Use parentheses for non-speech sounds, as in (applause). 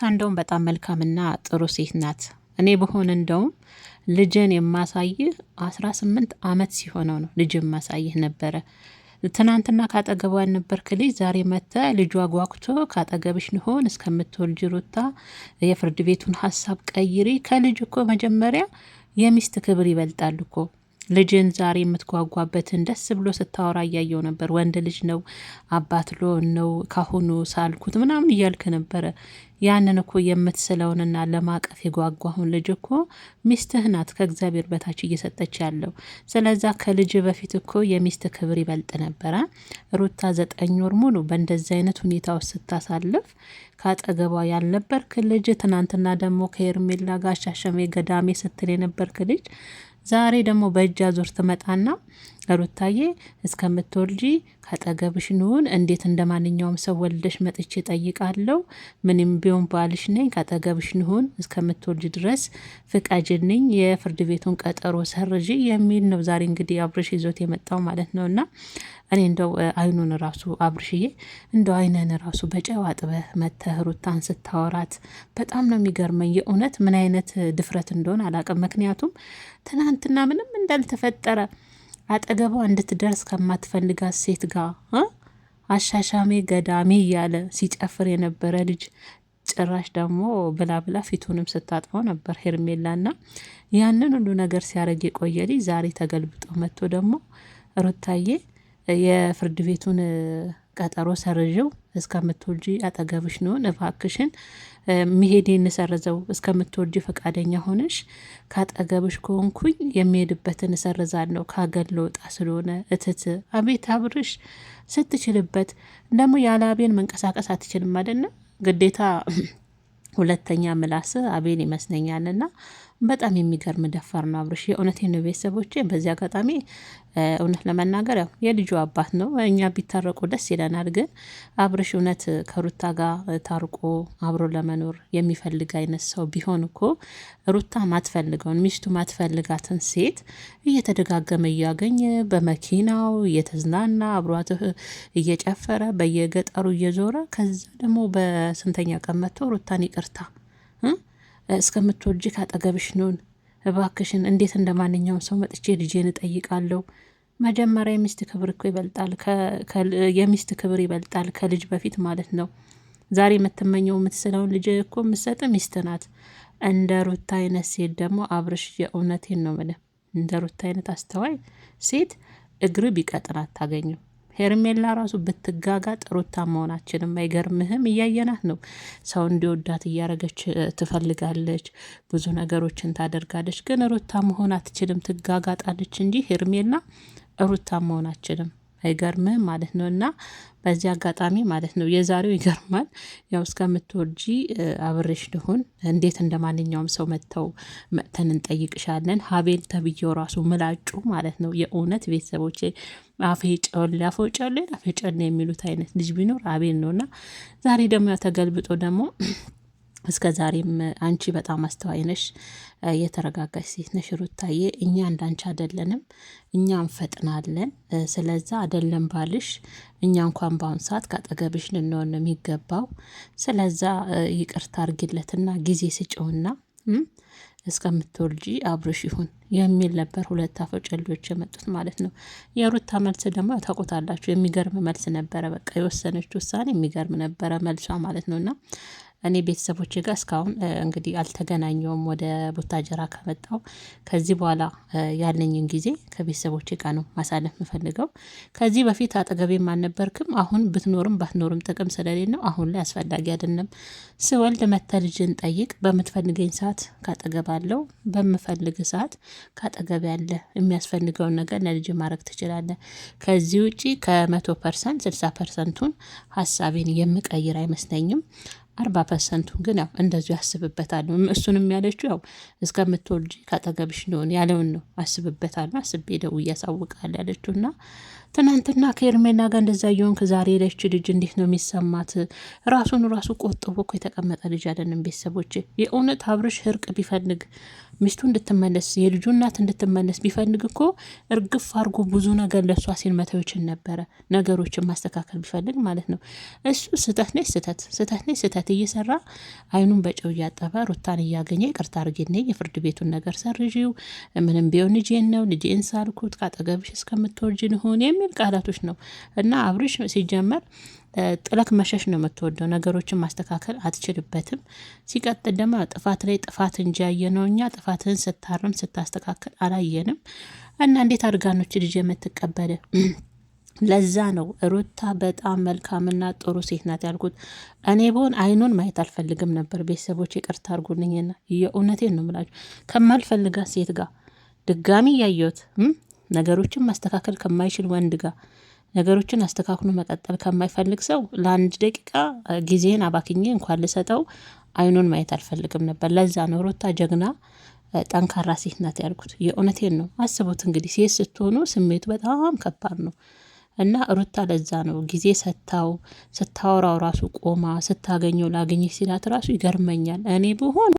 ሩታ እንደውም በጣም መልካምና ጥሩ ሴት ናት። እኔ በሆን እንደውም ልጅን የማሳይህ አስራ ስምንት አመት ሲሆነው ነው ልጅ የማሳይህ ነበረ። ትናንትና ካጠገቡ ነበርክ ልጅ ዛሬ መተ ልጇ ጓጉቶ ካጠገብሽ ንሆን እስከምትወልጅ ሩታ የፍርድ ቤቱን ሀሳብ ቀይሪ። ከልጅ እኮ መጀመሪያ የሚስት ክብር ይበልጣል እኮ ልጅን ዛሬ የምትጓጓበትን ደስ ብሎ ስታወራ እያየው ነበር። ወንድ ልጅ ነው አባት ሎን ነው ካሁኑ ሳልኩት ምናምን እያልክ ነበረ። ያንን እኮ የምትስለውንና ለማቀፍ የጓጓሁን ልጅ እኮ ሚስትህ ናት ከእግዚአብሔር በታች እየሰጠች ያለው። ስለዛ ከልጅ በፊት እኮ የሚስት ክብር ይበልጥ ነበረ። ሩታ ዘጠኝ ወር ሙሉ በእንደዚህ አይነት ሁኔታ ውስጥ ስታሳልፍ ካጠገቧ ያልነበርክ ልጅ፣ ትናንትና ደግሞ ከኤርሜላ ጋር ገዳሜ ስትል የነበርክ ልጅ ዛሬ ደግሞ በእጅ አዙር ትመጣና ሩታዬ እስከምትወልጂ ከጠገብሽ ንሁን። እንዴት እንደ ማንኛውም ሰው ወልደሽ መጥቼ ጠይቃለው። ምንም ቢሆን ባልሽ ነኝ፣ ከጠገብሽ ንሁን እስከምትወልጂ ድረስ ፍቃጅልኝ፣ የፍርድ ቤቱን ቀጠሮ ሰርጂ የሚል ነው። ዛሬ እንግዲህ አብርሽ ይዞት የመጣው ማለት ነው እና እኔ እንደው አይኑን ራሱ አብርሽዬ፣ እንደው አይነን ራሱ በጨው አጥበህ መተህ ሩታን ስታወራት በጣም ነው የሚገርመኝ። የእውነት ምን አይነት ድፍረት እንደሆን አላቅም። ምክንያቱም ትናንትና ምንም እንዳልተፈጠረ አጠገቧ እንድትደርስ ከማትፈልጋት ሴት ጋር አሻሻሜ ገዳሜ እያለ ሲጨፍር የነበረ ልጅ ጭራሽ ደግሞ ብላ ብላ ፊቱንም ስታጥፈው ነበር ሄርሜላና ያንን ሁሉ ነገር ሲያደርግ የቆየ ልጅ ዛሬ ተገልብጦ መጥቶ ደግሞ ሩታዬ የፍርድ ቤቱን ቀጠሮ ሰርዥው እስከምትወልጂ አጠገብሽ ነው። እባክሽን መሄዴን እሰርዘው እስከምትወልጂ ፈቃደኛ ሆነሽ ካጠገብሽ ከሆንኩኝ የሚሄድበትን እሰርዛለሁ ካገል ልወጣ ስለሆነ እትት አቤት አብርሽ ስትችልበት ደግሞ ያለ አቤል መንቀሳቀስ አትችልም አይደለ ግዴታ (clears throat) ሁለተኛ ምላስ አቤን ይመስለኛልና በጣም የሚገርም ደፋር ነው አብርሽ። የእውነት ነው ቤተሰቦቼ። በዚህ አጋጣሚ እውነት ለመናገር ያው የልጁ አባት ነው። እኛ ቢታረቁ ደስ ይለናል፣ ግን አብርሽ እውነት ከሩታ ጋር ታርቆ አብሮ ለመኖር የሚፈልግ አይነት ሰው ቢሆን እኮ ሩታ ማትፈልገውን ሚስቱ ማትፈልጋትን ሴት እየተደጋገመ እያገኘ በመኪናው እየተዝናና አብሯት እየጨፈረ በየገጠሩ እየዞረ ከዛ ደግሞ በስንተኛ ቀን መጥቶ ሩታን ይቅርታ እስከምትወጂ ካጠገብሽ ነውን እባክሽን እንዴት እንደ ማንኛውም ሰው መጥቼ ልጄን እጠይቃለሁ። መጀመሪያ የሚስት ክብር እኮ ይበልጣል፣ የሚስት ክብር ይበልጣል ከልጅ በፊት ማለት ነው። ዛሬ የምትመኘው የምትስለውን ልጅ እኮ የምትሰጥ ሚስት ናት። እንደ ሩታ አይነት ሴት ደግሞ አብርሽ፣ የእውነቴን ነው የምልህ፣ እንደ ሩታ አይነት አስተዋይ ሴት እግር ቢቀጥን አታገኝም። ሄርሜላ ራሱ ብትጋጋጥ ጥሩታ መሆናችንም አይገርምህም? እያየናት ነው። ሰው እንዲወዳት እያረገች ትፈልጋለች፣ ብዙ ነገሮችን ታደርጋለች። ግን ሩታ መሆን አትችልም፣ ትጋጋጣለች እንጂ ሄርሜላ ሩታ መሆን አትችልም። አይገርምም ማለት ነው። እና በዚህ አጋጣሚ ማለት ነው የዛሬው ይገርማል። ያው እስከምትወርጂ አብሬሽ ልሁን እንዴት እንደ ማንኛውም ሰው መጥተው መጥተን እንጠይቅሻለን። ሀቤል ተብዬው ራሱ ምላጩ ማለት ነው የእውነት ቤተሰቦቼ አፌ ጨሌ አፎ ጨሌ አፌ ጨሌ የሚሉት አይነት ልጅ ቢኖር አቤል ነው። እና ዛሬ ደግሞ ያው ተገልብጦ ደግሞ እስከ ዛሬም አንቺ በጣም አስተዋይ ነሽ፣ የተረጋጋሽ ሴት ነሽ ሩታዬ። እኛ እንዳንቺ አይደለንም፣ እኛ እንፈጥናለን። ስለዛ አይደለም ባልሽ እኛ እንኳን በአሁኑ ሰዓት ካጠገብሽ ልንሆን ነው የሚገባው። ስለዛ ይቅርታ አርጊለትና ጊዜ ስጭውና እስከምትወልጂ አብሮሽ ይሁን የሚል ነበር። ሁለት አፈጨልጆች የመጡት ማለት ነው። የሩታ መልስ ደግሞ ታውቁታላችሁ፣ የሚገርም መልስ ነበረ። በቃ የወሰነች ውሳኔ የሚገርም ነበረ መልሷ ማለት ነውና እኔ ቤተሰቦች ጋር እስካሁን እንግዲህ አልተገናኘውም ወደ ቡታጀራ ከመጣው ከዚህ በኋላ ያለኝን ጊዜ ከቤተሰቦች ጋር ነው ማሳለፍ የምፈልገው። ከዚህ በፊት አጠገቤም አልነበርክም። አሁን ብትኖርም ባትኖርም ጥቅም ስለሌለው አሁን ላይ አስፈላጊ አይደለም። ስወልድ መጥተህ ልጅን ጠይቅ። በምትፈልገኝ ሰዓት ካጠገብ አለው፣ በምፈልግ ሰዓት ካጠገብ ያለ የሚያስፈልገውን ነገር ለልጅ ማድረግ ትችላለ። ከዚህ ውጪ ከመቶ ፐርሰንት ስልሳ ፐርሰንቱን ሀሳቤን የምቀይር አይመስለኝም። አርባ ፐርሰንቱ ግን ያው እንደዚሁ ያስብበታል። እሱንም ያለችው ያው እስከምትወልጂ ከአጠገብሽ ሊሆን ያለውን ነው። አስብበታል አስቤ ደው እያሳውቃል ያለችው እና ትናንትና ከኤርሜላ ጋር እንደዛ የሆንክ ዛሬ የለች ልጅ እንዴት ነው የሚሰማት? ራሱን ራሱ ቆጥቦ እኮ የተቀመጠ ልጅ አለን ቤተሰቦች። የእውነት አብርሽ እርቅ ቢፈልግ ሚስቱ እንድትመለስ የልጁ እናት እንድትመለስ ቢፈልግ እኮ እርግፍ አድርጎ ብዙ ነገር ለእሷ ሲል መተዎችን ነበረ። ነገሮችን ማስተካከል ቢፈልግ ማለት ነው። እሱ ስህተት ነች ስህተት ስህተት ነች ስህተት እየሰራ አይኑን በጨው እያጠበ ሩታን እያገኘ ይቅርታ አድርጌ የፍርድ ቤቱን ነገር ሰርዥው ምንም ቢሆን ልጄን ነው ልጄን ሳልኩት ከአጠገብሽ እስከምትወርጅ ልሆን የሚል ቃላቶች ነው እና አብርሽ ሲጀመር ጥለክ መሸሽ ነው የምትወደው። ነገሮችን ማስተካከል አትችልበትም። ሲቀጥል ደግሞ ጥፋት ላይ ጥፋት እንጂ ያየነው እኛ ጥፋትህን ስታርም ስታስተካከል አላየንም። እና እንዴት አድርጋኖች ልጅ የምትቀበል (clears throat) ለዛ ነው ሩታ በጣም መልካምና ጥሩ ሴት ናት ያልኩት። እኔ ብሆን አይኑን ማየት አልፈልግም ነበር። ቤተሰቦች ይቅርታ አድርጉልኝና የእውነቴን ነው የምላችሁ። ከማልፈልጋት ሴት ጋር ድጋሚ ያየሁት ነገሮችን ማስተካከል ከማይችል ወንድ ጋር ነገሮችን አስተካክሎ መቀጠል ከማይፈልግ ሰው ለአንድ ደቂቃ ጊዜን አባክኜ እንኳን ልሰጠው አይኑን ማየት አልፈልግም ነበር። ለዛ ነው ሩታ ጀግና ጠንካራ ሴት ናት ያልኩት። የእውነቴን ነው። አስቡት እንግዲህ ሴት ስትሆኑ ስሜቱ በጣም ከባድ ነው እና ሩታ ለዛ ነው ጊዜ ሰታው ስታወራው ራሱ ቆማ ስታገኘው ላገኘ ሲላት ራሱ ይገርመኛል እኔ ብሆን